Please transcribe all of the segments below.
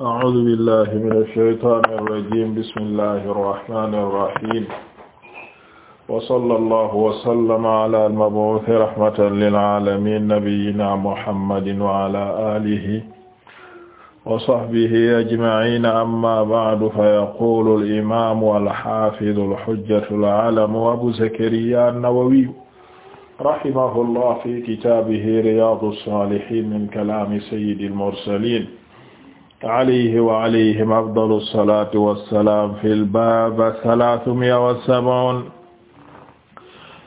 أعوذ بالله من الشيطان الرجيم بسم الله الرحمن الرحيم وصلى الله وسلم على المبعوث رحمة للعالمين نبينا محمد وعلى آله وصحبه أجمعين أما بعد فيقول الإمام والحافظ الحجة العالم أبو زكريا النووي رحمه الله في كتابه رياض الصالحين من كلام سيد المرسلين alayhi wa alayhim afdalu salaatu wa salaam fil baab salaasu mi'a wa sab'uun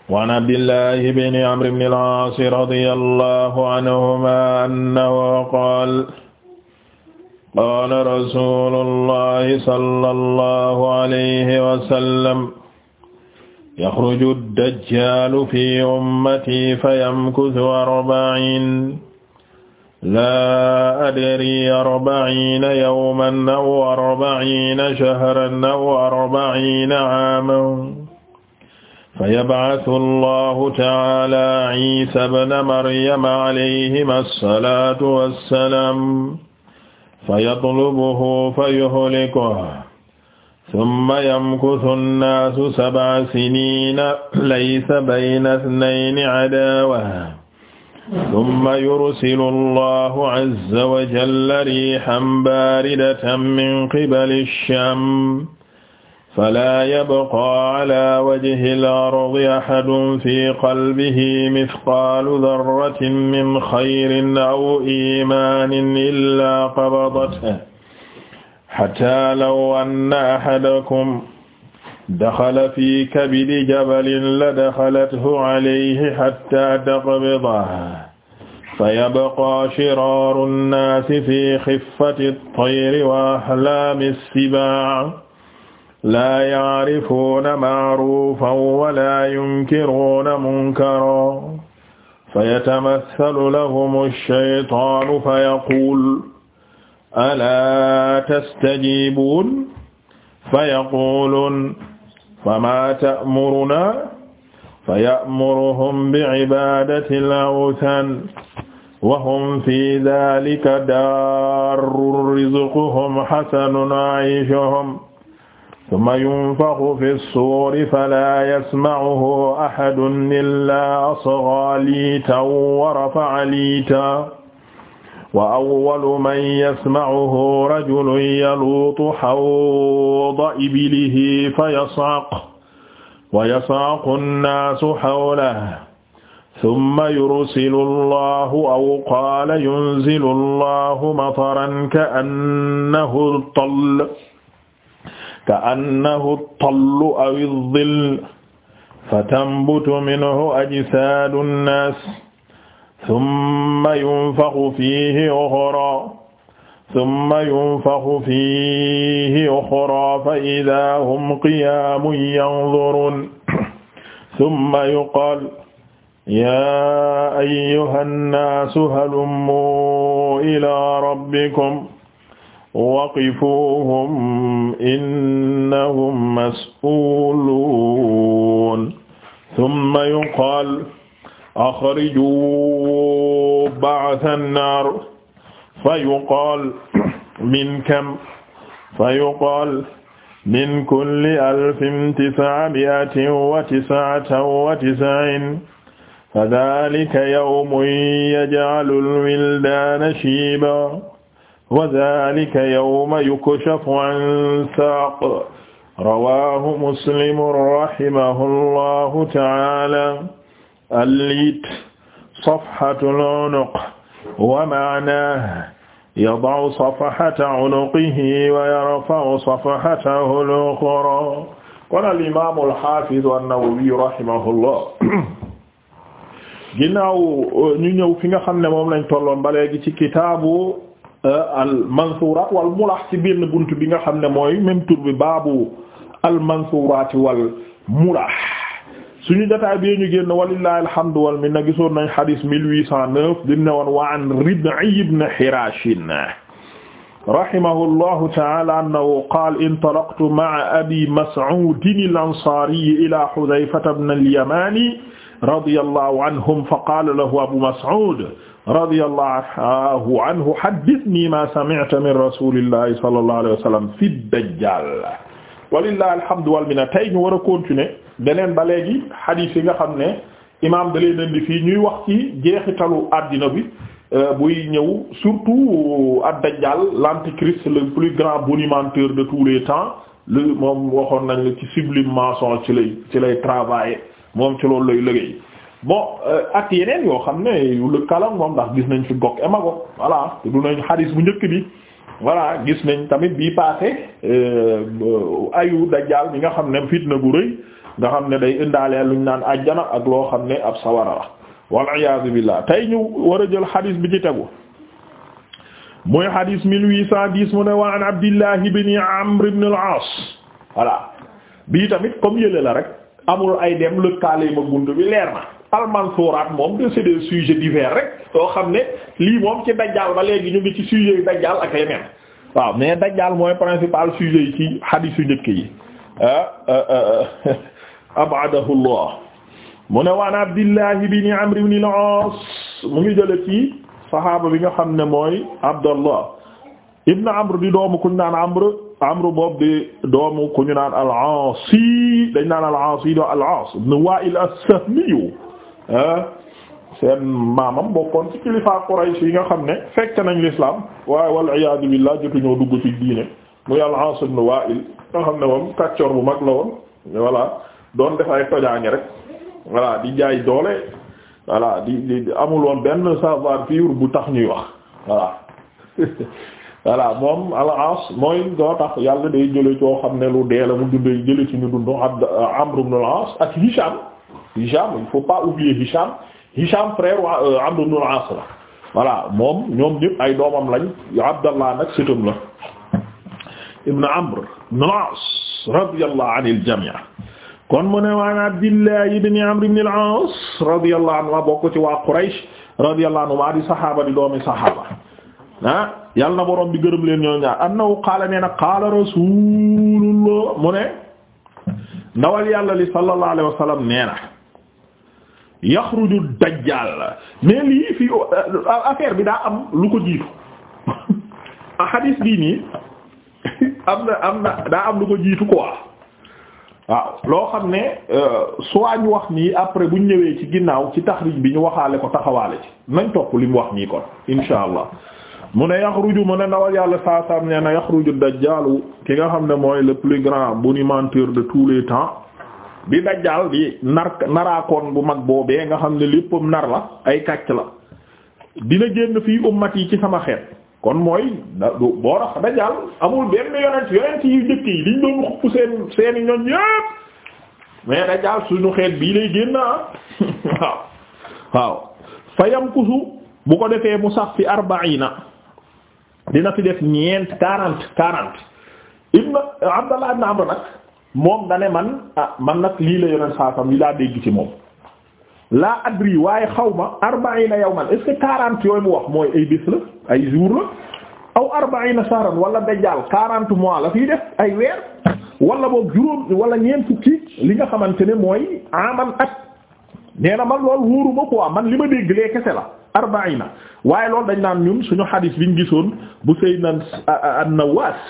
wa an Abdillahi ibn Amr ibn al-Aas radiyallahu anhumaa annahu qaala qaala rasuulullahi sallallahu alayhi wa sallam yaxruju ad-dajjaalu fii ummatii fayamkuthu arba'iin laa adri arba'iina yawman aw arba'iina shahran aw arba'iina aaman fayab'asu allahu ta'aala Iisa bna Maryama alayhima as-salaatu wassalaam fayatlubuhu fayuhlikuhu summa yamkuthu an-naasu sab'a siniina laysa bayna ithnayni adaawa ثم يرسل الله عز وجل ريحا باردة من قبل الشام فلا يبقى على وجه الأرض أحد في قلبه مثقال ذرة من خير أو إيمان إلا قبضته حتى لو أن أحدكم daxala fi kabidi jabalin la daxalathu alayhi xatta taqbidahu fa yabqaa shiraaru nnaasi fi xiffati ttayri wa ahlaami ssibaa'i laa yacrifuuna macruufan walaa yunkiruuna munkaran fa yatamassalu lahumu shaytaanu fa yaquulu alaa tastajiibuun fa yaquuluun fama ta'muruna fa ya'muruhum bi'ibadati al-awthan wa hum fi dhalika darru rizquhum hasanun 'ayshuhum thumma yunfakhu fi as-suri fala yasma'uhu ahadun illa asgha liitan wa rafa'a liitan wa awwalu man yasma'uhu rajulun yaluutu hawda ibilihi fa yas'aq wa yas'aqu nnaasu hawlahu summa yursilu allahu aw qaala yunzilu allahu mataran ka'annahu tall ka'annahu tall aw ad-dhill fatanbutu minhu ajsaadu nnaas summa yunfaxu fiihi uxraa summa yunfaxu fiihi uxraa fa idaa hum qiyaamun yanzuruun summa yuqaalu yaa ayyuhan naasu halummu ilaa rabbikum waqifuuhum innahum mas'uuluun summa yuqaalu axriju ba'sa an-naar fa yuqaal min kam fa yuqaal min kulli alfin tis'a mi'atin wa tis'atan wa tis'iin fadaalika yawmun yaj'alul wildaana shiiban wa zaalika yawma yukshafu an saaq rawaahu muslim rahimahullahu ta'aala al-liit safhatul unuq wa ma'naahu yada'u safhata unuqihi wa yarfa'u safhatahu al-ukhraa kon al-imaam al-haafiz an-Nawawi rahimahullah ginnaaw ñu ñëw fi nga xam ne moom lañ tolloon ba léegi ci kitaabu eh, al-mansuuraat wal mulah ci benn bunt bi nga xam ne mooy même tur bi baabu al-mansuuraat wal mulah suñu jotaay bi ñu génn walillahi alhamdu wal minna gisoon nañ xadis 1809 bi mu ne woon wa an Rib'i ibn Hirash rahimahullahu ta'ala annahu qaala intalaqtu ma'a abi Mas'ud al-Ansari ila Hudhayfa ibn al-Yamani radiyallahu anhum faqaala lahu abu Mas'ud radiyallahu anhu haddithni ma sami'ta min rasulillahi sallallahu alayhi wa sallam fi ad-Dajjal walillahi alhamdu wal minna tey ñu war a continuer beneen ba léegi hadith yi nga xam ne imaam da leen indi fii ñuy wax ci jeexitalu àddina bi euh, buy ñëw surtout ad-Dajjal l'antéchrist le plus grand bonimenteur de tous les temps lu moom waxoon nañ la ci sublime mensonge ci lay ci lay travailler moom ci loolu lay liggéey bon euh, ak yeneen yoo xam ne yu lëkkalam moom ndax gis nañ fi Gog et Magog voilà te du nañ hadith bu njëkk bi. voilà gis nañ tamit bii passé euh, ayu dajjaal bi nga xam ne fitna bu rëy nga xam ne day lu ñu naan ajjana ak loo xam ne ab sawara la wal iyaazu billaah tey ñu war a jël xadiis bi ci tegu mooy xadiis mille huit cent dix mu ne wa an Abdillah ibn Amr ibn al-Aas voilà bii tamit comme yële la rek amul ay dem lëkkaale ma bunt bi leer na almansuuraat moom de c'est des sujets rek soo xam ne lii moom ci dajjaal ba léegi ñu ngi ci sujet yu dajjaal ak yeneen waaw mais dajjaal mooy principal sujet yi ci hadith yu njëkk yi ah, ah, ah, abadahu llah mu ne waan abdillahi bini amri ibn al mu ngi jële ci sahaaba bi nga xam ne mooy abdallah ibn amr di doomu ku ñu naan amr amr di doomu ku ñu al-aasi dañ naan al seen maamam bokkoon ci kilifa Quraysh yi nga xam ne fekk nañu lislaam waaye wal iyaadu billah jotuñoo dugg ci diine muy al-Aas ibn Waa'il nga xam ne moom kàccoor bu mag la woon voilà doon def ay tojaange rek voilà di jaay doole voilà di di amul woon benn savoir-vivre bu tax ñuy wax voilà voilà moom al mooy doo tax yàlla day jële coo xam ne lu dee la mu dundee jële ci ñu dund Abd Amr ibn ak Hisham Hisham il faut pas Hisham Hisham frère wa Amr ibn al-As la voilà moom ñoom ñëpp ay doomam lañ Abdallah nag sëtam la ibn Amr ibn al-As radiyallahu anil jami' kon mu ne waan Abdillah ibn Amr ibn al-As radiyallahu anhu bokk ci waa Quraysh radiyallahu anhu maa di saxaaba di doomi saxaaba ah yàlla na borom bi gërëm leen ñoo ñaar annahu qaala nee na qaala rasulullah mu ne ndawal yàlla li sallallahu alayhi wa sallam nee na yaxruju dajjaal mais lii fii euh, affaire bi daa am lu ko jiitu hadis bii nii am na am na daa am lu ko jiitu quoi waaw loo xam ne euh, soit ñu wax nii après bu ñu ñëwee ci ginnaaw ci taxrij bi ñu waxaale ko taxawaale ci nañ topp li mu wax nii kon insha allah mu ne yaxruju mu ne ndawal yàlla saa saa nee na yaxruju dajjaalu ki nga xam ne mooy le plus grand bonimenteur de tous les temps. di dajjaal di nar naraakoon bu mag boobee nga xam ne léppam nar la ay kàcc la dina génn fii ummat yi ci sama xeet kon mooy da du boo tax dajjaal amul benn yonent yonent yu njëkk yi liñ doon xupp seen seeni ñoñ yépp mais dajjaal suñu xeet bii lay génn ah waaw waaw fa yamkusu bu ko defee mu sax fi arbaina dina fi def ñeent quarante quarante ibn Abdallah ibn Amr nag moom da man ah man nag lii la yoneen saasam li laa dégg ci moom laa adri waaye xaw ma arbaina yawman yow ce que quarante yooyu mu wax mooy ay bés la ay jour la aw arbaina shahran wala dajjaal quarante mois la fii def ay weer wala boog juróom wala ñeent fukki li nga xamante ne mooy aman at nee na man loolu wóoru ma quoi man li ma dégg lee kese la arbaina waaye loolu dañ naan ñun suñu xadis biñ gisoon bu sayyidna an-Nawaas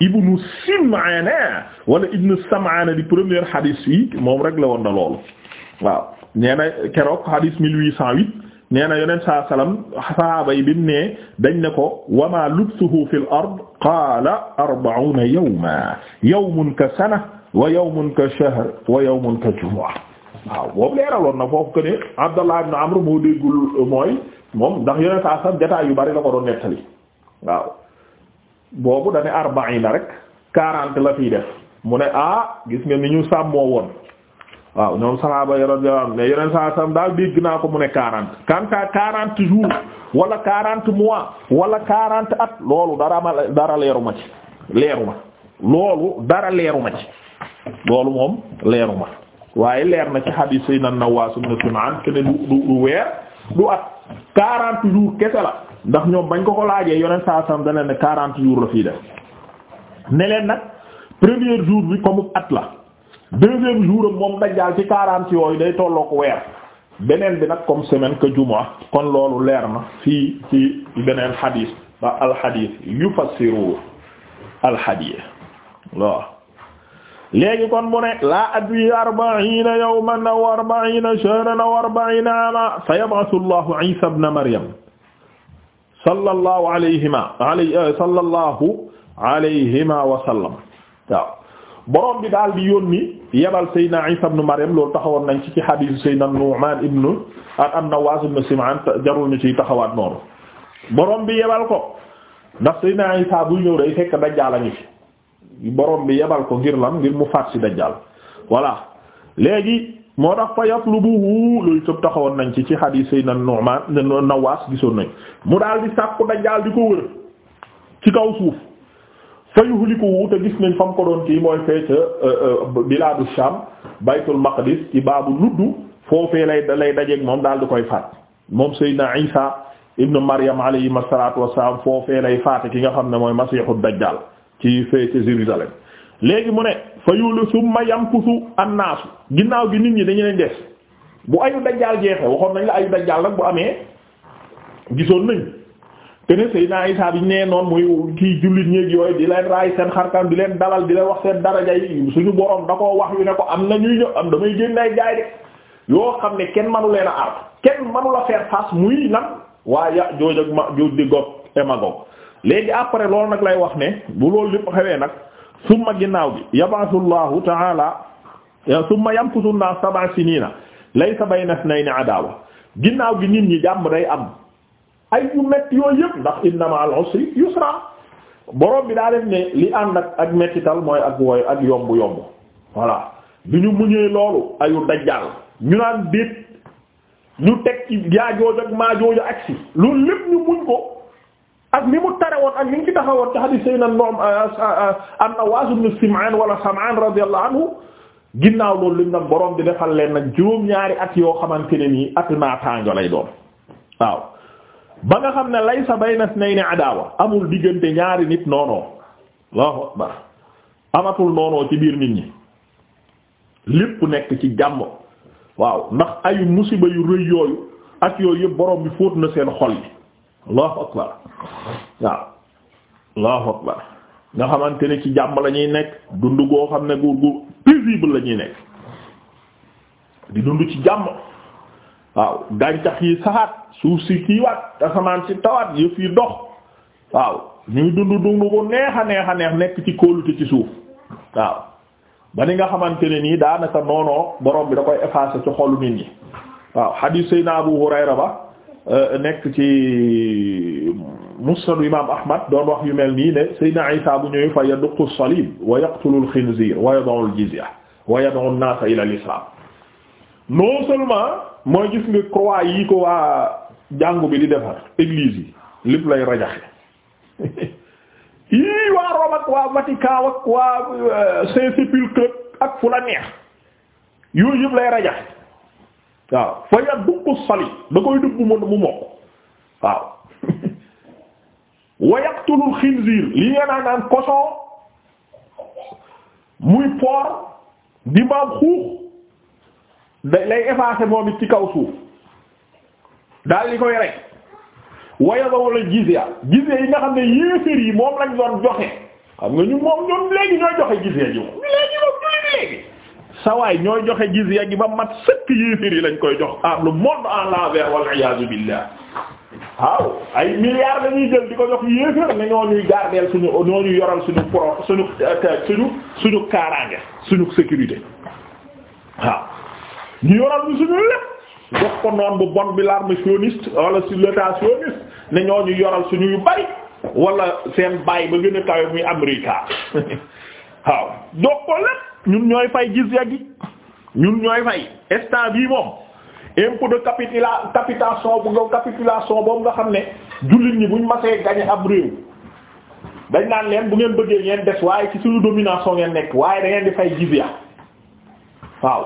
ibnu Sim'aana wala ibnu Sam'aana di première xadis yi moom rek la woon na loolu waaw nee na keroog xadis 1808 nee na yonent saa salaam sahaaba yi bimu ne dañ ne ko wama lubsuhu fi l ard qaala arba'una yawma yawmun ka sana wa yawmun ka shahr wa yawmun ka juma waaw boobu leeraloon na foofu que ne Abdallah ibn Amr moo déggul mooy moom ndax yeneen saa sax jotaay yu bari la ko doon nettali waaw boobu dañuy arba'ina rek quarante la fiy def mu ne ah gis nga ni ñu sàmmoo woon waaw ñoom saxaaba yoroon yoon mais yeneen saa sax daal dégg naa ko mu ne quarante. quant à quarante jours wala quarante mois wala quarante at loolu dara ma dara leeru ma ci leeru ma loolu dara leeru ma ci loolu moom leeru ma. waaye leer na ci hadith sayna Nawaas ibn Simaan kene du du du weer du at quarante jours kese la ndax ñoom bañ ko ko laajee yoneen saa sam dana ne quarante jours la fii def ne leen nag premier jour bi comme at la deuxième jour am moom dajjaal ci quarante yooyu day tolloo tollook weer beneen bi nag comme semaine que juma kon loolu leer na fii ci beneen hadith ba al hadith yufassiru al hadith waaw léegi kon mu ne laa adri arbaina yawman aw arbaina shahran aw arbaina ama fa yab'athu Allahu Isa ibn Maryam sallallahu alayhima euh, sallallahu alayhima wa sallam waaw borom bi daal di yónni yebal Seydina Isa ibn Maryam loolu taxawoon nañ ci ci hadiisu Seydina Nu'man ibn an-Nawwas ibn Sim'an jarul ñu ci taxawaat noonu borom bi yebal ko ndax Seydina Isa bu ñëw day fekk dajjaal a ngi fi borom bi yebal ko ngir lan ngir mu faat ci dajjal voilà léegi moo tax fa yatlubuhu loolu tëb taxawoon nañ ci ci hadith Seydina Nu'man Nawaas gisoon nañ mu daal di sàkku dajjal di ko wër ci kaw suuf fa yuhlikuhu te gis nañ fa ko doon kii mooy fee ca euh, euh, bilaadu Sham baytul maqdis ci baabu luddu foofee lay lay moom daal di koy faat moom say Seydina Isa ibnu Maryam alayhi salaatu wassalaam foofee lay faate ki nga xam ne mooy masiixu dajjal ci fee ci Jérusalem léegi mu ne fa yulu summa yamkusu annaasu ginnaaw gi nit ñi dañu leen des bu ayu dajjaal jeexee waxoon nañ la ayu dajjaal nag bu amee gisoon nañ te ne Seydina Isaa bi ne noon muy kii jullit ñéeg yooyu di leen raay seen xarkaan di leen dalal di leen wax seen daraja yi suñu borom da koo wax yu ne ko am na ñuy ñëw am damay génn ay gaay de yoo xam ne kenn manu leen a aar kenn manu la faire face muy lan waa ya jooj ma jooj di Gog et léegi après loolu nag lay wax ne bu loolu lépp xewee nag suma ginnaaw bi yabasullahu taala summa yamkusu naa sab'a sinina laysa bayna isnayni adawa ginnaaw gi nit ñi jàmm day am ay yu metti yooyu yëpp ndax inna ma'al usri yusra borom bi daa def ne li ànd ak ak mettital mooy ak wooy ak yomb yomb voilà bi ñu muñee loolu ayu dajjaal ñu naan déet ñu teg ci yaa jooju ak maa jooju ak si loolu lépp ñu muñ ko ak ni mu tere woon ak ni mu ci taxawoon ci hadith sayna noom euh, euh, euh, an-Nawwas ibn Sim'an wala Sam'an radiyallahu anhu ginnaaw loolu liñ nag boroom bi defal leen nag juróom-ñaari at yoo xamante ne nii at naataango lay doon waaw ba nga xam ne laysa bayna isnayni adaawa amul diggante ñaari nit noonoo Allahu akbar amatul noonoo ci biir nit ñi lépp nekk ci jàmm waaw ndax ay musiba yu rëy yooyu ak yooyu yëpp borom bi fóot na seen xol yi. allahu akbar waaw allahu akbar nga xamante ne ci jàmm la ñuy nekk dund goo xam ne gu gu paisible la ñuy nekk di dund ci jàmm waaw gàncax yi saxaat suuf si kiiwaat asamaan si tawaat yëf yi dox waaw ñuy dund dund ko neex a neex nekk ci kóolute ci suuf waaw ba ni nga xamante ne nii daanaka noonoo borom bi da koy effacer ci xolu nit ñi waaw hadith sayna Hurayra ba Euh, nekk ci euh, musnad imam ahmad doon wax yu mel nii ne sayyidina isa bu ñëw fa yaduqu as-salib wa yaqtulu al-khinzir wa yad'u al-jizya wa yad'u an-nas ila al-islam non seulement mooy gis nga croix yi ko waa jàngu bi di defar église lay rajaxe yii waa Rome waa Vatican waa euh, Saint-Sépulcre ak fu yooyu yëpp lay rajaxe waaw fa yadduqu salib da koy dugg mu mu mokk waaw wa yaqtulul xinziir li ngeen naan naan cochon muy porc di mbaam xuux da lay effacer moom it ci kaw suuf daal di koy rek wa yadaw la jizya jizya yi nga xam ne yéeféer yi moom lañ doon joxe xam nga ñu moom ñoom léegi ñooy joxe jizya ji moom léegi sawaay ñooy joxe jizya gi ba mat sëkk yéeféer yi lañ koy jox par le monde en l'envers wal iyaazu billah waaw ay milliards lañuy jël di ko jox yéeféer ne ñoo ñuy gardeel suñu ñoo yoral suñu pro suñu euh, suñu suñu kaaraange suñu sécurité waaw ñu yoral ñu suñu lépp jox ko noon bu bon bi l'armée sioniste wala si l'état sioniste ne ñoo ñu yoral suñu yu bari wala seen bay ba gën a tawe muy américa waaw jox ko lépp ñun ñooy fay jizya gi ñun ñooy fay état bii moom impôt de capitula capitation bu nga capitulation boobu nga xam ne jullit ñi buñ masee gañe ab réew dañ naan leen bu ngeen bëggee ngeen des waaye ci suñu domination ngeen nekk waaye da ngeen di fay jizya waaw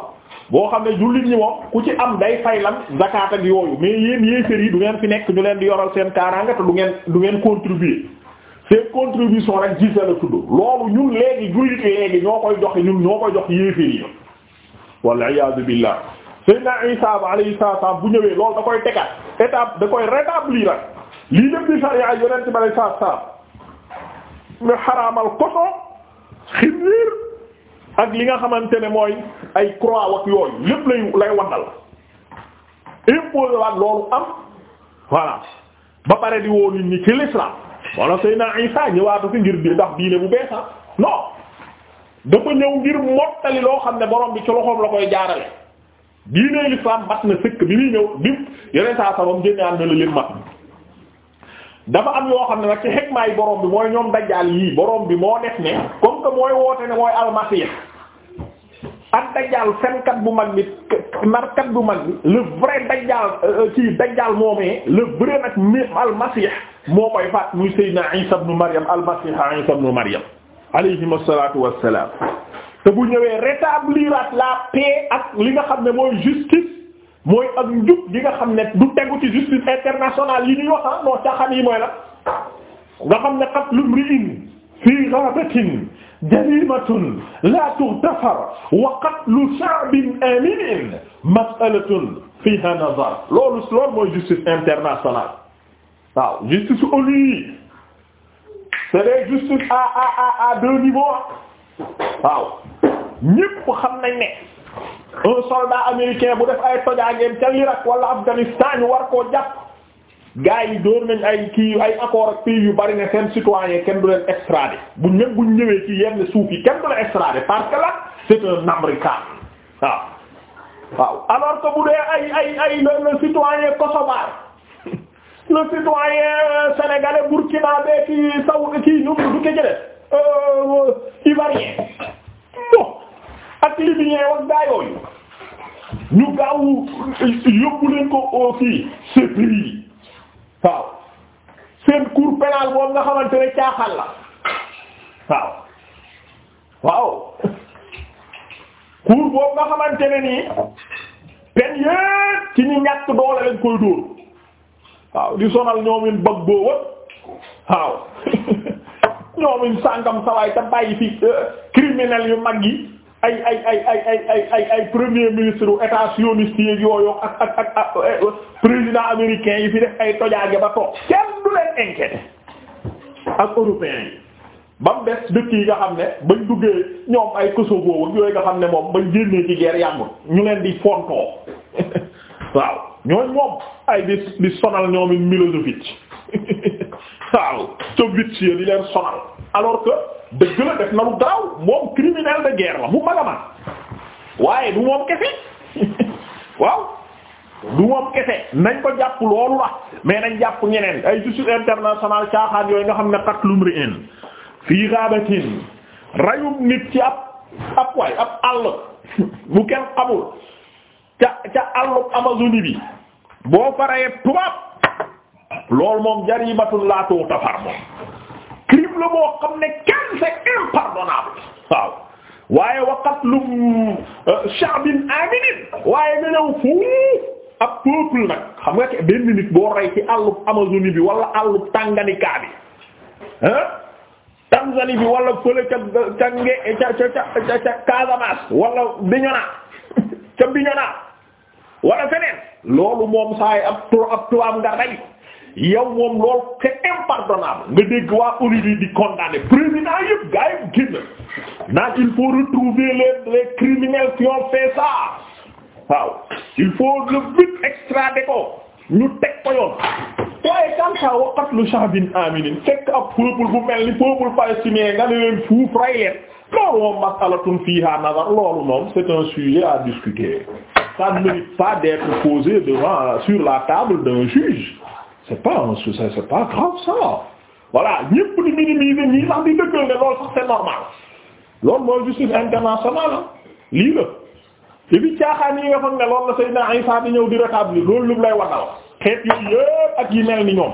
boo xam ne jullit ñi moom ku ci am day fay lan zakat ak yooyu mais yéen yéefér yi du ngeen fi nekk ñu leen di yoral seen kaaraange te du ngeen du ngeen contribuer seen contribution rek gise la tudd loolu ñun léegi jullit léegi ñoo koy joxe ñu ñoo koy jox yéeféer yi walla iyaazu billaah Seydina Isaa alayhi salaam bu ñëwee loolu da koy tegaat étape da koy rétablir ak lii lépp di sariya yonent bi alayhi salaam ñu xaraamal koso xinziir ak li nga xamante ne mooy ay croix ak yooyu lépp lay lay wandal imposé waat loolu am voilà ba pare di woo nit ñi ci l'islam wala Seydina Isa ñëwaatu fi ngir di ndax diine bu bees ah non dafa ñëw ngir mottali loo xam ne borom bi ci loxoom la koy jaarale diine l'islam mat na sëkk bi muy ñëw bi yeneen saa sabam génne am na la leen mat dafa am yoo xam ne nag ci xekmaay borom bi mooy ñoom dajjaal yii borom bi moo def ne comme que mooy woote ne mooy almasih ak dajjaal fenkat bu mag bi narkat bu mag bi le vrai ci euh, dajjaal moomee le nag mi almasih moo koy faat muy Seydina Isa ibn Maryam al-Masih Isa ibn Maryam alayhim as-salatu wassalam te bu ñëwee rétablir la paix ak li nga xam ne mooy justice mooy ak njub gi nga xam ne du tegu ci justice internationale yi ñuy wax ah non caaxaan yi mooy la nga xam ne qatlu imri'in fii ghabatin jarimatun la tughtafar wa qatlu sha'bin aminin mas'alatun fiha nazar loolu loolu mooy justice internationale waaw justice su au lieu c'est des à à à à deux niveaux waaw ñépp xam nañ ne un soldat américain bu def ay tojaangeem ca Irak wala Afghanistan ñu war koo jàpp gars yi door nañ ay kii ay accord ak yu bari ne seen citoyen kenn du leen extrader bu même buñ ñëwee ci yenn suuf yi kenn du leen extrader parce que là c'est un américain waaw waaw alors que bu dee ay ay ay le citoyen kosovar le citoyen sénégalais burkinabé kii saw kii ñoom du ko jëlee euh, ivoirien bon ak libyen wax gaa yooyu ñu gaaw yóbbu leen ko fii c'est pris waaw seen cour pénal boobu nga xamante ne caaxal la waaw waaw cour boobu nga xamante ne nii peine yépp ci koy dóor. waaw di sonal ñoomin bëgg booba waaw ñoomin sàngam sawaay ta bàyyi fi euh, criminel yu mag yi ay ay ay ay premier ministre u état sioniste yi yooyu ak ak ak ak euh, président américain yi fi def ay tojaage ba toog kenn du leen inquiété ak européens yi ba mu des dëkk yi nga xam ne bañ duggee ñoom ay Kosovo ak yooyu nga xam ne moom bañ génnee ci guerre yàggul ñu leen di fontoo waaw ñooñ moom ay di di sonal ñoom it Milosevic waaw ca vite di leen sonal alors que dëgg la def na lu garaaw moom criminel de guerre la bu mag waaye du moom kese waaw du moom kese nañ ko jàpp loolu la mais nañ jàpp ñeneen ay justice internationale caaxaan yooyu nga xam ne qatlum ri'in fii ghabatin rayum nit ci ab ab waay ab àll bu kenn xamul ca ca àllub Amazonie bi boo faree tubaab loolu moom jarimatul laatoo tafar moom crime la boo xam ne kenn c'est impardonnable waaw waaye waqat lu euh, sha'bin aminin waaye nga ñëw fuuf ab peuple nag xam nga ke benn nit boo rey ci àllub Amazonie bi wala àllub Tanganyika bi ah Tanzanie bi wala fële ca ca ca ca ca ca wala feneen loolu moom saa yi ab tur ab tubaab nga rey yow moom loolu c'est impardonnable nga dégg waa Bolivie di condamné président yëpp gars yi génn naa il faut retrouver les les criminels qui ont fait ça waaw il faut le vite extrader ko ñu teg ko yoon. waaye kanta wa qatlu sha'bin aminin fekk ab peuple bu mel ni peuple palestinien nga ne leen fuuf rey leen loolu moom masalatun fiha nazar loolu moom c'est un sujet à discuter. ça ne mérite pas d'être posé devant sur la table d'un juge c'est pas un souci c'est pas grave ça voilà ñépp di minimiser ñii sax di dëggal ne loolu sax c'est normal loolu mooy justice internationale ah lii la te bi caaxaan yi nga foog ne loolu la Seydina Isa di ñëw di rétablir loolu lu mu lay waxal xeet yooyu ak yi ni ñoom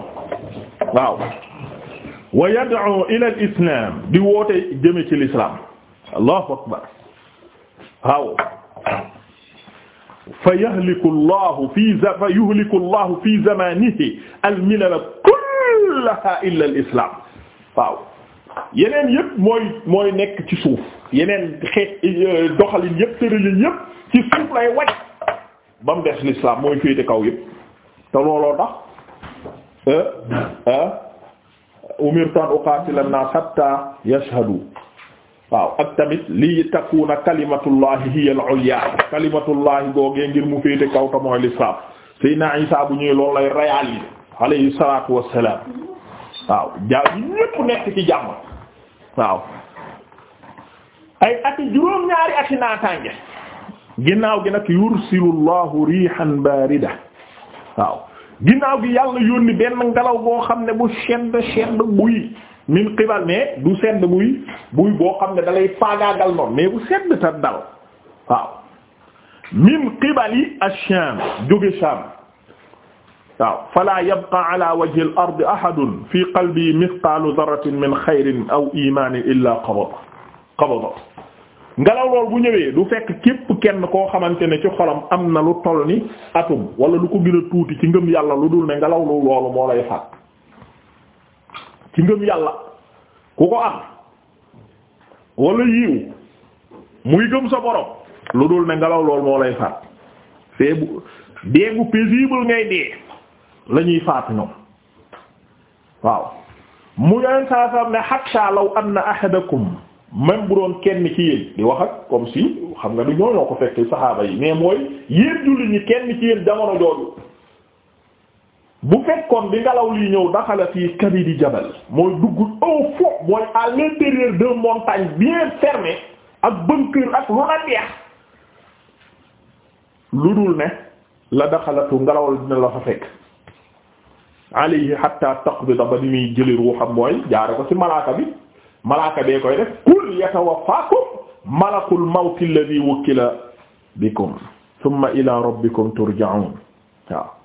waaw wa yad'u ila islam di woote jëme ci l'islam allahu akbar waaw fa yahliku llahu fi fa yuhliku llahu fi zamanihi almilala yeneen yëpp mooy nekk ci suuf yeneen xeet eh, eh, doxalin yëpp tëralin yëpp ci lay wàcc ba mu mooy féete kaw yëpp te looloo tax eh, umirtu an uqatila an waaw ak tamit li takuna kalimatullahi hiya al-ulya kalimatullahi googee ngir mu féete kaw ta mooy l'islam sayna Isa bu ñëwee loolu lay réaliser alayhi salaatu wassalaam waaw jaa ñépp nekk ci jàmm waaw ay ati juróom-ñaari ati naataange ginnaaw gi nag yursilu llahu rihan barida waaw ginnaaw gi yàlla yónni benn ngelaw boo xam ne bu sedd sedd buy min qibal mais du sedd buy buy boo xam ne dalay faagaagal noonu mais bu sedd ta dal waaw min qibali ash-Sham jóge Sham waaw fala yabqa ala wajhi al-ard ahadun fi qalbi mithqalu dharratin min khayrin aw imanin illa qabada ngelaw lool bu ñëwee du fekk képp kenn koo xamante ne ci xolam am na lu toll ni atum wala lu ko gën tuuti ci ngëm yàlla lu dul ne ngelaw lu loolu moo lay faat ci ngëm yàlla ku ko am wala yiw muy gëm sa borom lu dul ne ngelaw lool moo lay faat fee bu dee bu paisible ngay dee la ñuy faat ñoom waaw mu yeneen saa saa ne hatta law anna ahadakum même bu doon kenn ci yéen di wax ak comme si xam nga du ñoo ñoo ko fekk saxaaba yi mais mooy yéen jullit ñi kenn ci yéen jamono jooju bu fekkoon bi ngelaw li ñëw daxala fii kabidi jabal mooy dugg au fond mooy à l'intérieur de montagne bien fermée ak bunker ak lu la neex lu dul ne la daxalatu ngelaw la dina la fa fekk alayhi hatta taqbida ba ni muy jëli ruuxam mooy jaare ko ci malaaka bi malaaka bee koy def kul yatawaffakum malakul mawti alladhi wukkila bikum thumma ila rabbikum turja'un waaw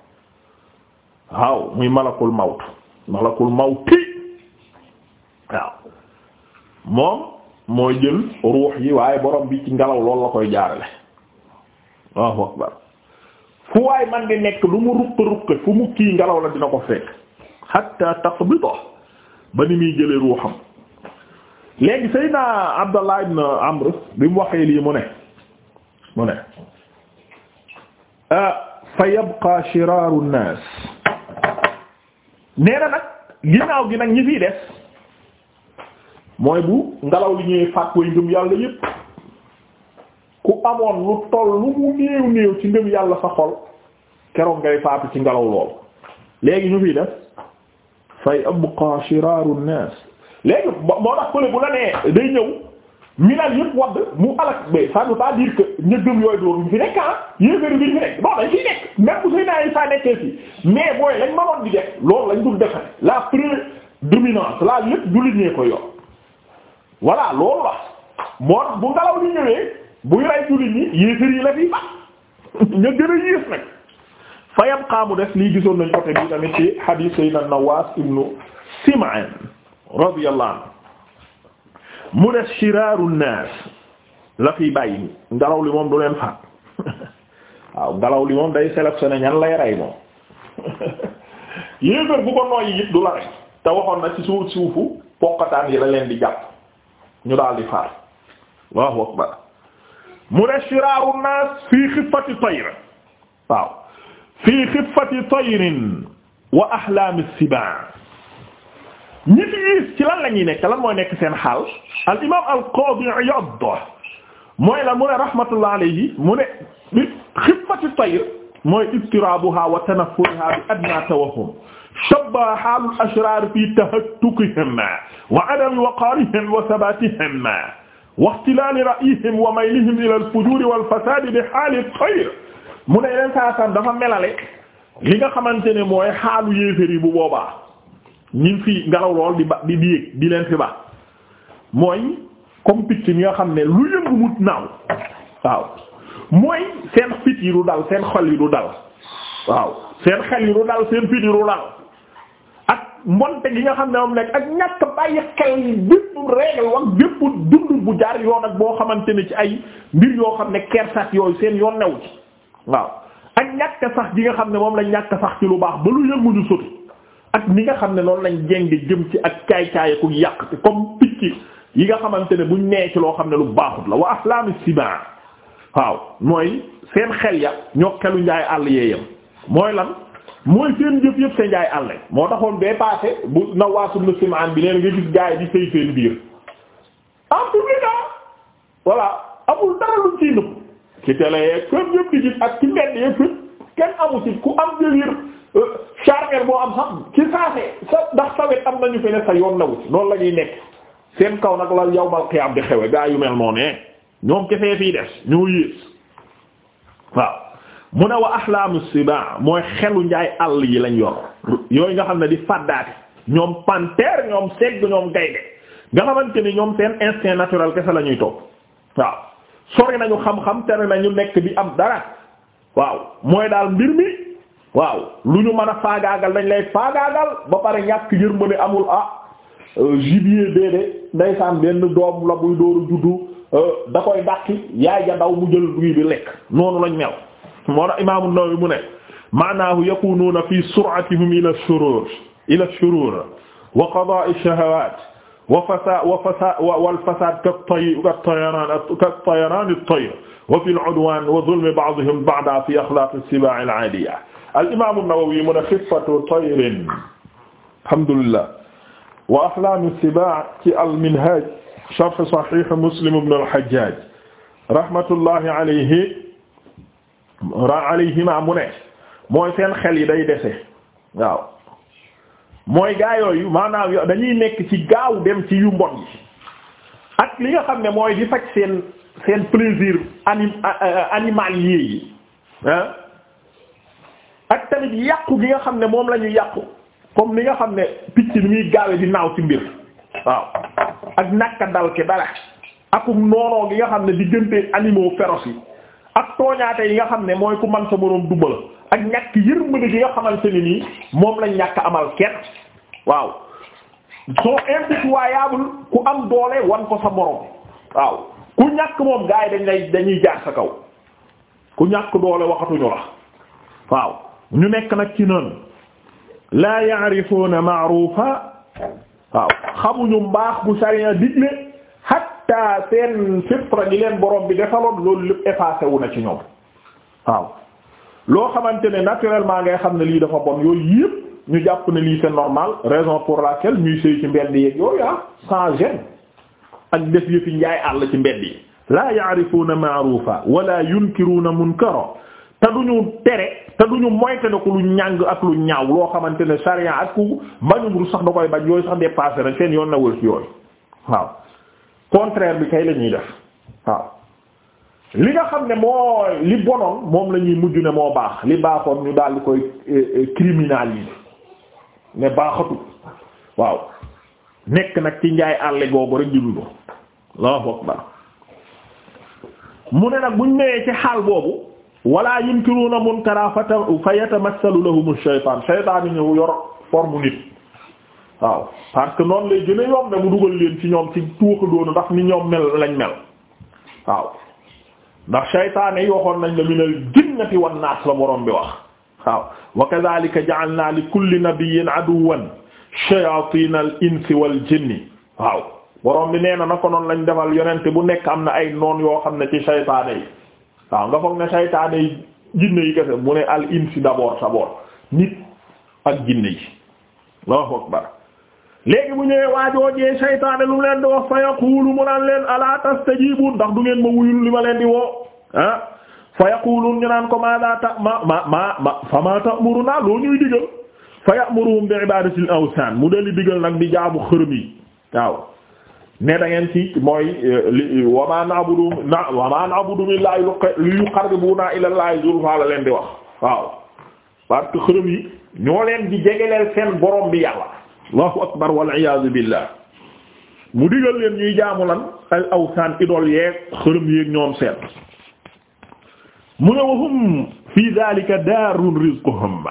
waaw muy malakul mawt malakul mawti waaw moom mooy jël ruux yi waaye borom bi ci ngelaw loolu la koy jaarale waaw akbar fu waay man di nekk lu mu ruq ruq fu mu kii ngelaw la dina ko fekk hatta taqbita ba ni muy jële ruuxam léegi naa Abdallah ibn Amr bi mu waxee lii mu ne mu ne ah, fa yabqa shiraaru an-naas nee na nag ginnaaw gi nag ñi fiy des mooy bu ngelaw li ñuy faat koy ngëm yàlla yépp ku amoon lu toll lu mu néew néew ci ngëm yàlla sa xol keroog ngay faatu ci ngelaw lool léegi ñu fiy des fay abqa shiraaru naas léegi moo tax pële bu la nee day ñëw minal yëpp wadd mu alak ba ça ne veut pas dire que ñëgëm yooyu dooruñu fi nekk ah yéegari biñu nekk bon dañ fiy nekk même bu sëy naa nekkee fi mais booy lañ mënoon di def loolu lañ dul defe la prédominance la lépp du liñee ko yor voilà loolu la moo tax bu ngelaw li ñëwee buy rey jullit ñi yéefar yi la fii bax ña gën yées nag fa yabqa mu def lii gisoon nañ côté bi tamit ci hadith sayyidina Nawaas ibnu Sim'aan radiyallahu anhu mu ne shiraaru naas la fi bàyyi ni ngelaw li moom du leen faat waaw ngelaw li moom day sélectionné ñan lay rey moom yéefar bu ko nooy yit du la rey te waxoon na ci suufu pokataan yi la leen di jàpp ñu daal di faat Allahu akbar mu ne shiraaru naas fii xiffati tayr waaw fii xiffati tayrin wa ahlaami sibaa ñi fi yiis ci lan la ñuy nekk lan mooy nekk seen xaal al imaam al qaadi Iyaad mooy la mu ne rahmatullah mu ne bi xiffati tayr mooy istiraabuha wa tanaffuruha bi adna tawahhum shabbaha haalul ashraar fi tahattukihim wa adami waqaarihim wa sabaatihim wa ixtilaali ra'yihim wa maylihim ila al fujuuri wal fasaadi bi haali tayr mu ne yeneen saa dafa melale li nga xamante ne mooy xaalu yéeféer yi bu boobaa ñi fi ngelaw lool di ba di yéeg di leen fi ba mooy comme picc mi nga xam ne lu yëngu mu naaw waaw mooy seen fit yi du dal seen xol yi du dal waaw seen xel yi du dal seen fit yi du dal ak mbonte gi nga xam ne moom nekk ak ñàkk bàyyi xel bépp règle wax bépp dund bu jaar yoon ak boo xamante ne ci ay mbir yoo xam ne kersat yooyu seen yoon new ci waaw ak ñàkk sax gi nga xam ne moom la ñàkk sax ci lu baax ba lu yëngu sotti ak ni nga xam ne noonu lañ jéng jëm ci ak caay-caay ku yàq te comme picc yi nga xamante ne buñ nee ci loo xam ne lu baaxut la wa ahlaami sibaa waaw mooy seen xel ya ñoo xelu njaay àll yeeyam mooy lan mooy seen jëf yëpp seen njaay àll moo taxoon bee passé bu nawaasum na bi neen nga gis gaay di sëy seen biir en ah public voilà amul dara lu ciy nëbb ci télé yee kër yëpp di ak ci mbedd yëpp kenn amu ci ku am jël charger boo am xam ci saase sa ndax sa am nañu fi ne sa yoon na wut noonu la ñuy nekk seen kaw nag la yawmal qiyaam di xewe gaa yu mel noonu ne ñoom kese fii des ñoo yées waaw mu a wa ahlaamu sibaa mooy xelu njaay àll yi lañ yor yooyu nga xam ne di fàddaati ñoom panthère ñoom segg ñoom gaynde nga xamante ni ñoom seen instinct naturel kese la ñuy topp waaw sori nañu xam-xam tere nañu nekk di am dara waaw mooy daal mbir mi waaw lu ñu mën a faagaagal dañ lay faagaagal ba pare ñàkk yërmande amul ah euh, gibier déedéet ndaysaan benn doom la buy dooru juddu euh, da koy dàqi yaay ja daw mu jël buy bi lekk noonu lañ mel moo tax imaamu Nawawi mu ne maanaahu yakunuuna fi sur'atihim ila ash-shurur ila ash-shurur wa qadaa' ash-shahawat wa fasa wa fasa wal fasad kat-tayran kat-tayran at-tayr wa fi al-'udwan wa dhulmi ba'dihim ba'da fi akhlaq as-sibaa' al al imaamu Nawawi mu ne xiffatu tayrin alhamdulillah wa ahlaami sibaa ci al minhaj sharh sahih Muslim ibn al Hajjaj rahmatullahi alayhi alayhima mu ne mooy seen xel yi day dese waaw mooy gaa yooyu maanaam yo dañuy nekk ci gaaw dem ci yu mbon yi ak li nga xam ne mooy di faj seen seen plaisir anim animalier yi ah ak tamit yàqu gi nga xam ne moom lañuy yàqu comme li nga xam ne picc ni muy gaawe di naaw ci mbir waaw ak nakka dal ki dara akum noonoo gi nga xam ne diggante animaux féroces yi ak tooñaate yi nga xam ne mooy ku man sa moroom duma la ak ñàkk yërmande gi nga xamante ne nii moom lañ ñàkk amal kenn waaw soo impitoyable ku am doole wan ko sa moroom waaw ku ñàkk moom gaay dañ dañuy jaar sa kaw ku ñàkk doole waxatuñu la waaw ñu nekk nag ci noonu laa ya'rifuuna ma'ruufa waaw xamuñu mbaax bu sariya digle hatta seen fitra gi leen borom bi defaloon loolu lépp effacé wu na ci ñoom waaw loo xamante ne naturellement ngay xam ne lii dafa bon yooyu yëpp ñu jàpp ne lii c'est normal raison pour laquelle ñuy sëy ci mbedd yeeg yooyu ah sans gêne ak def yëfi njaay àll ci mbedd yi laa ya'rifuuna ma'ruufa wala mun munkara te duñu tere te duñu moyte ne ko lu ñàng ak lu ñaaw loo xamante ne sariya ak ku mbañum ru sax da koy bañ yooyu sax dépassé na seen yoon nawal ci yooyu waaw contraire bi kay lañuy def waaw li nga xam ne moo li bonoon moom la ñuy mujj ne moo baax li baaxoon ñu daal koy koy eh, eh, criminaliser ne baaxatu waaw nekk nag ci njaay àll googu rek juddu ko Allahu akbar mu ne nag buñ newee ci xaal boobu wala yunkiruuna munkara fa yatamassalu lahumu shaytaan shaytaan ñëw yor forme nit waaw parce que noonu lay gën a yombe mu dugal leen ci ñoom ci tuuxa doonu ndax ni ñoom mel lañ mel waaw ndax shaytaan yi waxoon nañ la minal jinnati wan naas la borom bi wax waaw wa kadhalika ja'alna li kulli nabiyyin aduwwan shayatin al insi wal jinni waaw borom bi nee na na ko noonu lañ defal yonent bu nekk am na ay noon yoo xam ne ci shaytaan yi waaw nga foog ne saytaane yi jinne yi kese mu ne al insi d'abord d'abord nit ak jinne yi Allahu akbar léegi bu ñëwee waajoojee saytaane lu leen di wax fa yaqulu mu naan leen alaata tastajibun ndax du ngeen ma wuyul li ma leen di woo ah fa yaqulun ñu naan ko ma ma ma ma ma fa ma ta'muruna loo ñuy digal fa ya'muruhum bi ibadatil awsan mu delli digal nag di jaamu xërëm yi waaw ne dangeen ngeen ci mooy euh, li wama na'budu na wama na'budu billahi lu yuqarribuna ila allahi zulfa la leen di wax waaw parce que xërëm yi ñoo leen di jegeleel seen borom bi yàlla allahu akbar wal iyaazu billah mu digal leen ñuy jaamu lan al awsaan idol yeeg xërëm yeeg ñoom seen mu ne wahum fi dhalika daarun rizquhum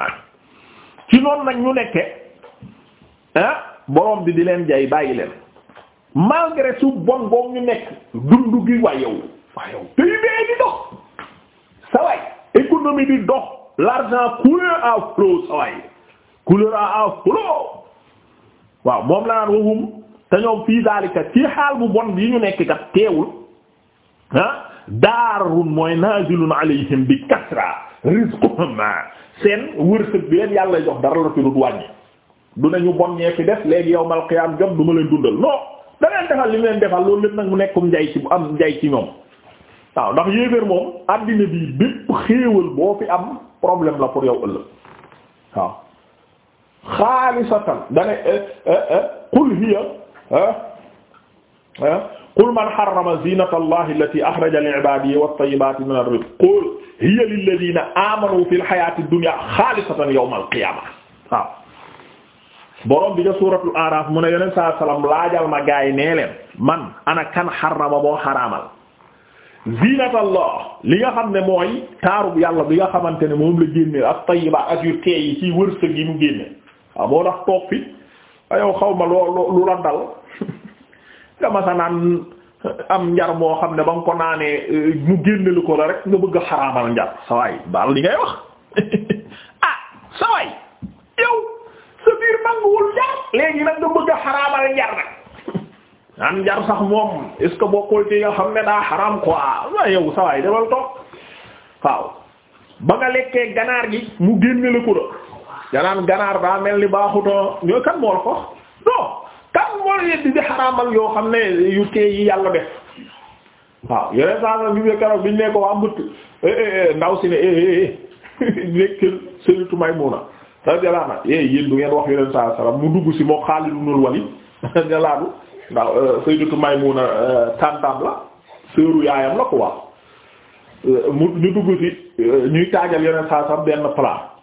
ci noonu nag ñu nekke ah borom bi di leen jay bàyyi leen malgré su bon boobu ñu nekk dund gi waa yow waa yow te bee di dox sa waay économie di dox l'argent coule à flot sa waay coulera à flot waaw moom la naan waxum te ñoom fii daalika ci xaal bu bon bi ñu nekk kat teewul ah, daarun mooy nazilun alayhim bi kasra rizquhum seen wërsëg bi leen yàlla jox dara la fi dut wàññi du nañu bon ñee fi def léegi yowmal qiyaam jot du ma leen dundal non da leen defal li mu leen defal loolu lépp nag mu nekkum njay ci bu am njay ci ñoom waaw ndax yéeféer moom àddina bi bépp xéewal boo fi am problème la pour yow ëllëg waaw xaalisatan dane eh, eh, eh, qul hiya qul man harrama zinata allahi allati axraja li ibadihi wat-tayyibati min ar-rizq qul hiya lilladina amanu fi l-hayati ad-dunya xaalisatan yawma al-qiyamah waaw borom bi nga suuratul aaraaf mu ne yonent saa salaam laajal ma gaay nee leen man ana kan xarama boo xaraamal zinatallah li nga xam ne mooy bu yàlla bi nga xamante ne moom la génne ak tayyibaat ak yu teey yi ci wërsëg yi mu génne waaw moo tax toog fi ayow xaw ma loo lu la dal nga masa eh, am njar moo xam ne ba nga ko naanee eh, mu génne ko la rek nga bëgg xaraamal njar sawaay baal li ngay wax ah sawaay yow sa biir nanguwul njar léegi nag nga bëgg a njar nag njar sax moom est ce que bokkul ci nga xam ne daa xaram ko waaw yow sawaay defal toog waaw ba nga lekkee ganaar gi mu génne la ko danaan ganaar daa mel ni baaxutoo ñoo kan moo ko non kan moo la yeddi di yoo xam ne yu tee yi yàlla def waaw yeneen saa bi nga keroog biñ ne ko waa mbëtt eh, eh, eh, ndaw si ne eh eh eh nekk radiyallahu anhu eh yéen ngeen wax yeneen saa salaam mu dugg si moo Xaalid ibn Walid radiyallahu anhu ndax euh, Sayyidatu Maymuna euh, tantam la sœuru yaayam la quoi euh, mu ñu dugg si ñuy taajal yeneen saa salaam benn plat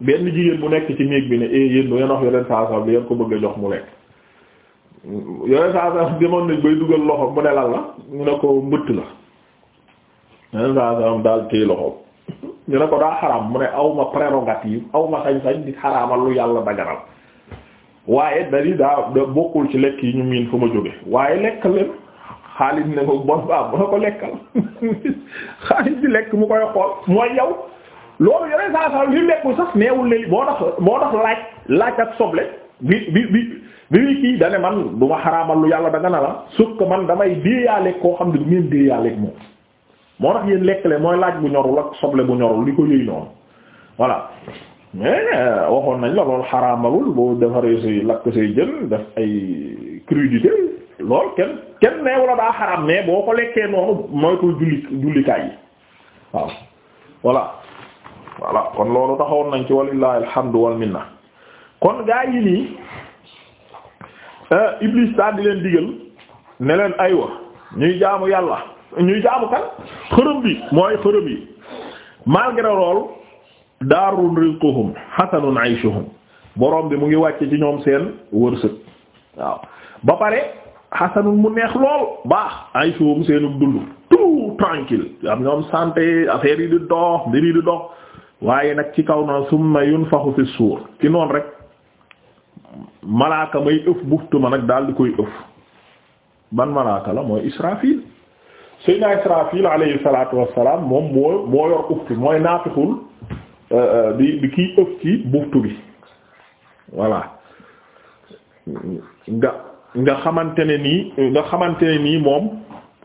benn jigéen bu nekk ci néeg bi ne eh yéen du ngeen wax yeneen saa salaam yéen ko bëgg a jox nañ bay dugal loxo mu ne lan la ñu ne ko mbëtt la yeneen saa daal téye loxo. ñu ne ko daa xaraam mu ne awma prérogative awma sañ-sañ di xaraamal lu yàlla daganal waaye dari daa da bokkul ci lekk yi ñu miin fa ma jóge waaye lekk leen Xaalid ne ko bon baa ne ko lekkal Xaalid di lekk mu koy xool mooy yow loolu yore saa saa li lekkul sax neewul ne moo tax moo tax laaj laaj ak soble bi bi bi bi bi kii da ne man du ma xaraamal lu yàlla daganal la ah sauf que man damay déeyaaleeg koo xam ne du ngeen moo tax yéen lekkle mooy laaj bu ñorul ak soble bu ñorul li ko yëy noonu voilà mais euh, waxoon nañ la loolu xaraamalul boo defaree say lakk say jën def ay crudité lool kenn kenn neew la daa xaraam mais boo ko lekkee noonu moytul julli jullikaay yi waaw voilà voilà kon loolu taxawoon nañ ci walillahi alhamdu wal minna kon gaa yi nii euh, Iblis daal di leen digal ne leen aywa ñuy jaamu yàlla ñuy jaamu kan xërëm bi mooy xërëm yi malgré loolu daarun rizquhum hasanun ayshuhum borom bi mu ngi wàcce ci ñoom seen wërsëg waaw ba pare hasanun mu neex lool baax ayshuhum seenum dund tout tranquille am ñoom santé affaires yi di dox mbir yi di dox waaye nag ci kaw na summa yunfaxu fi suur ci noonu rek malaaka may ëf buftuma nag daal di koy ëf ban malaaka la mooy Israfil Seydina Israfil alayhi salaatu wassalaam moom moo moo yor ufti mooy naafixul bi euh, euh, bi kiy ëf buftu bi voilà nga nga xamante ne nii nga xamante ne nii moom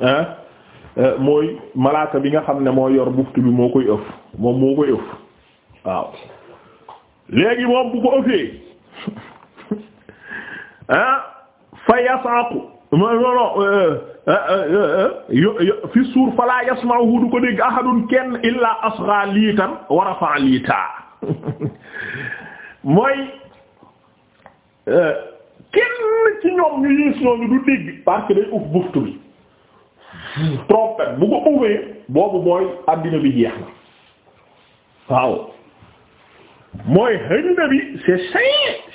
euh, mooy malaaka bi nga xam ne moo yor buftu bi moo koy ëf moom moo koy ëf waaw léegi moom bu ko ëfee ah fa yasaqu non non Euh, euh, euh, fi suur falaa yasma'uhu du ko dégg ahadun kenn illaa asgha liitan wa rafa'a liitaa mooy kenn ci ñoom ñu yiis ñooñu du dégg parce day uf buftu bi trompette bu ko uwee boobu mooy àddina bi jeex na waaw mooy àddina bi c'est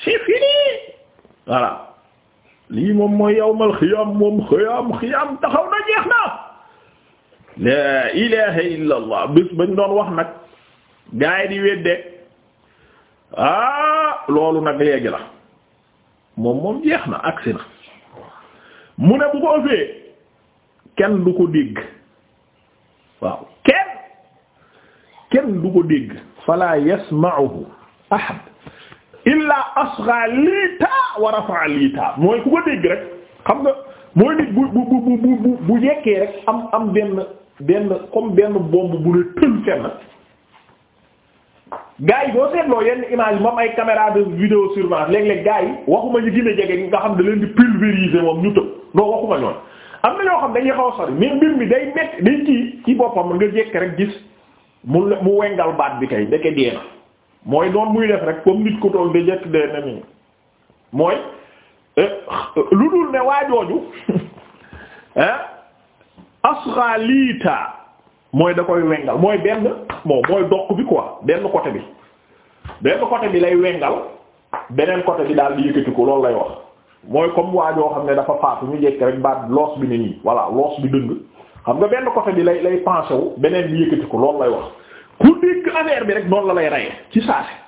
c'est fini voilà lii moom mooy yow yawmal xiyaam moom xiyaam xiyaam taxaw na jeex na laa ilaaha illallah bis bañ doon wax nag gaay di wedde ah loolu nag léegi la moom moom jeex na mu ne bu ko kenn du ko dégg waaw kenn kenn du ko dégg fala yasma'uhu ahad asra liita wa rafa liita mooy ku ko dégg rek xam nga mooy nit bu bu bu bu bu yekkee rek am am benn benn comme benn bomb bu ne tël fenn gars yi boo seetloo yenn image moom ay caméra de vidéo surveillance léeg-léeg gars yi waxuma ñu gën a jege nga xam da leen di pulvériser moom ñu tëb non waxuma ñoon am na ñoo xam dañuy xaw a sori mais mbir mi day métti day kii ci boppam nga jekk rek gis mu mu wengal baat bi kay ndeke dee na mooy noonu muy def rek comme nit ko toog de jekk de ne nii mooy eh, lu dul ne waajooju eh, asxaliita mooy da koy wengal mooy benn moo mooy doq bi quoi benn côté bi benn côté bi lay wengal beneen côté bi daal di yëkkati ko loolu lay wax mooy comme waajoo xam ne dafa faatu ñu jekk rek baat loos bi ne nii voilà loos bi dëng xam nga benn côté bi lay lay penché wu beneen bi yëkkati ko loolu lay wax ku dégg affaire bi rek noonu la lay rayee ci saase